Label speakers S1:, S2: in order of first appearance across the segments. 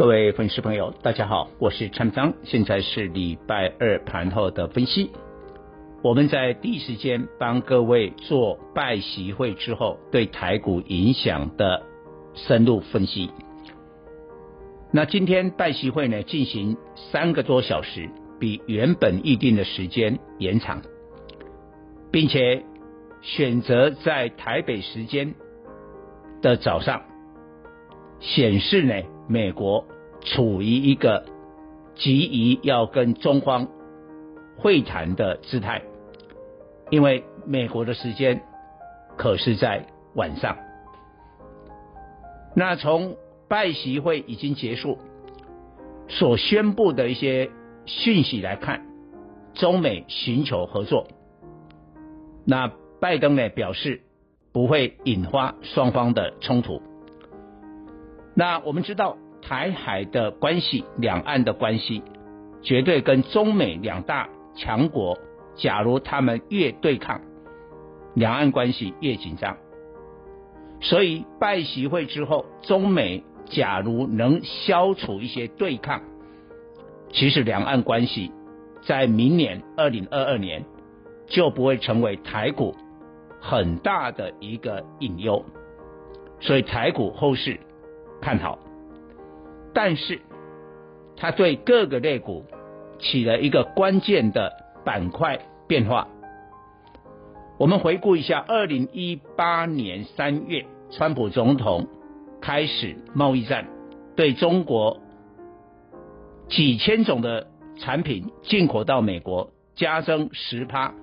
S1: 各位粉絲朋友，大家好，我是蔡明彰，現在是禮拜二盤後的分析。我們在第一時間幫各位做拜習會之後對台股影響的深入分析。那今天拜習會呢，進行三個多小時，比原本預定的時間延長，並且選擇在台北時間的早上顯示呢。美國處於一個急於要跟中方會談的姿態，因為美國的時間可是在晚上。那從拜習會已經結束，所宣布的一些訊息來看，中美尋求合作。那拜登呢，表示不會引發雙方的衝突。那我們知道，台海的關係、兩岸的關係，絕對跟中美兩大強國，假如他們越對抗，兩岸關係越緊張。所以，拜習會之後，中美假如能消除一些對抗，其實兩岸關係在明年二零二二年就不會成為台股很大的一個隱憂。所以，台股後市。看好，但是它對各個類股起了一個關鍵的板塊變化。我們回顧一下，二零一八年三月，川普總統開始貿易戰，對中國幾千種的產品進口到美國加徵十趴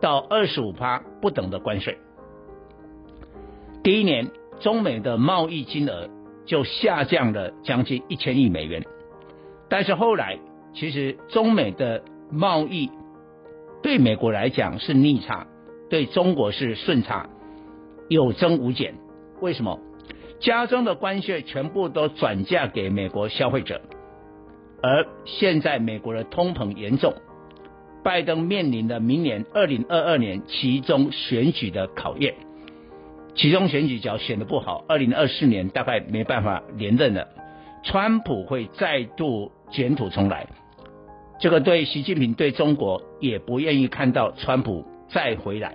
S1: 到二十五趴不等的關稅。第一年，中美的貿易金額，就下降了將近一千億美元，但是後來其實中美的貿易對美國來講是逆差，對中國是順差，有增無減。為什麼？加徵的關稅全部都轉嫁給美國消費者，而現在美國的通膨嚴重，拜登面臨的明年二零二二年期中選舉的考驗。其中選舉角選得不好，二零二四年大概沒辦法連任了。川普會再度捲土重來。這個對習近平對中國也不願意看到川普再回來，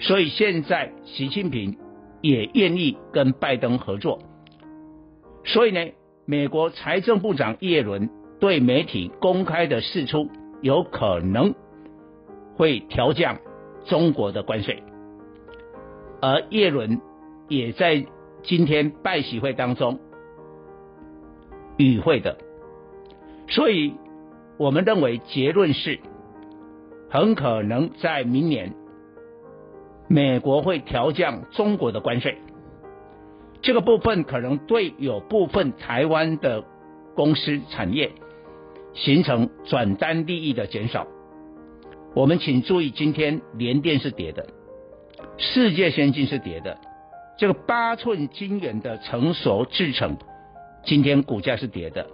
S1: 所以現在習近平也願意跟拜登合作。所以呢，美國財政部長耶倫對媒體公開的釋出，有可能會調降中國的關稅。而葉倫也在今天拜習會當中與會的，所以我們認為結論是，很可能在明年美國會調降中國的關稅，這個部分可能對有部分台灣的公司產業形成轉單利益的減少。我們請注意，今天聯電是跌的。世界先進是跌的，這個八寸晶圓的成熟製程，今天股價是跌的。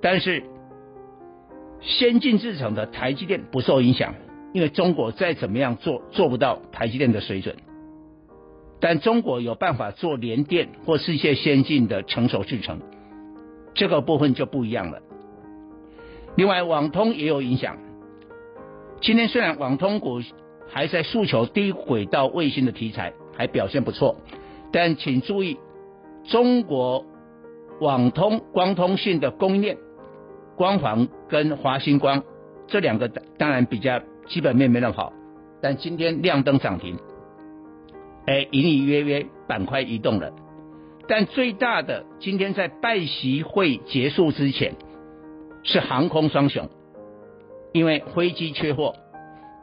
S1: 但是先進製程的台積電不受影響，因為中國再怎麼樣做做不到台積電的水準。但中國有辦法做聯電或世界先進的成熟製程，這個部分就不一樣了。另外，網通也有影響。今天雖然網通股，還在訴求低軌道衛星的題材，還表現不錯，但請注意，中國網通光通信的供應鏈，光環跟華星光這兩個當然比較基本面沒那麼好，但今天亮燈漲停，哎，隱隱約約板塊移動了。但最大的今天在拜習會結束之前是航空雙雄，因為飛機缺貨。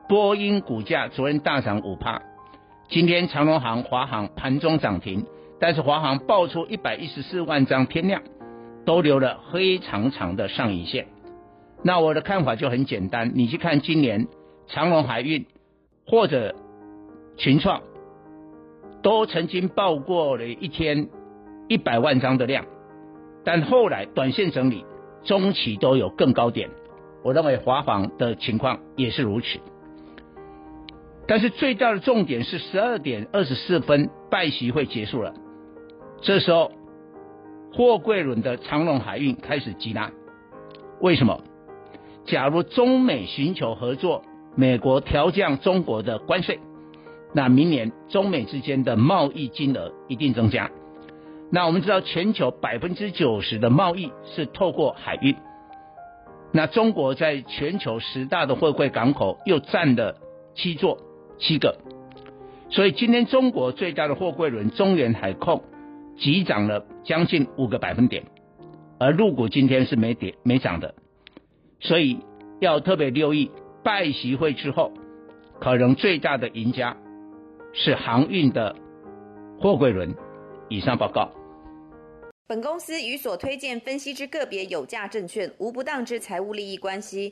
S1: 波音股價昨天大漲五趴，今天長榮航、華航盤中漲停，但是華航爆出一百一十四萬張天量，都留了非常長的上影線。那我的看法就很簡單，你去看今年長榮海運或者群創，都曾經爆過了一天一百萬張的量，但後來短線整理，中期都有更高點。我認為華航的情況也是如此。但是最大的重點是十二點二十四分，拜習會結束了。這時候，貨櫃輪的長榮海運開始急拉。為什麼？假如中美尋求合作，美國調降中國的關稅，那明年中美之間的貿易金額一定增加。那我們知道，全球百分之九十的貿易是透過海運。那中國在全球十大的貨櫃港口又占了七座。七個，所以今天中國最大的貨櫃輪中遠海控急漲了將近五個百分點，而陸股今天是沒跌沒漲的，所以要特別留意拜習會之後可能最大的贏家是航運的貨櫃輪。以上報告。本公司與所推薦分析之個別有價證券無不當之財務利益關係。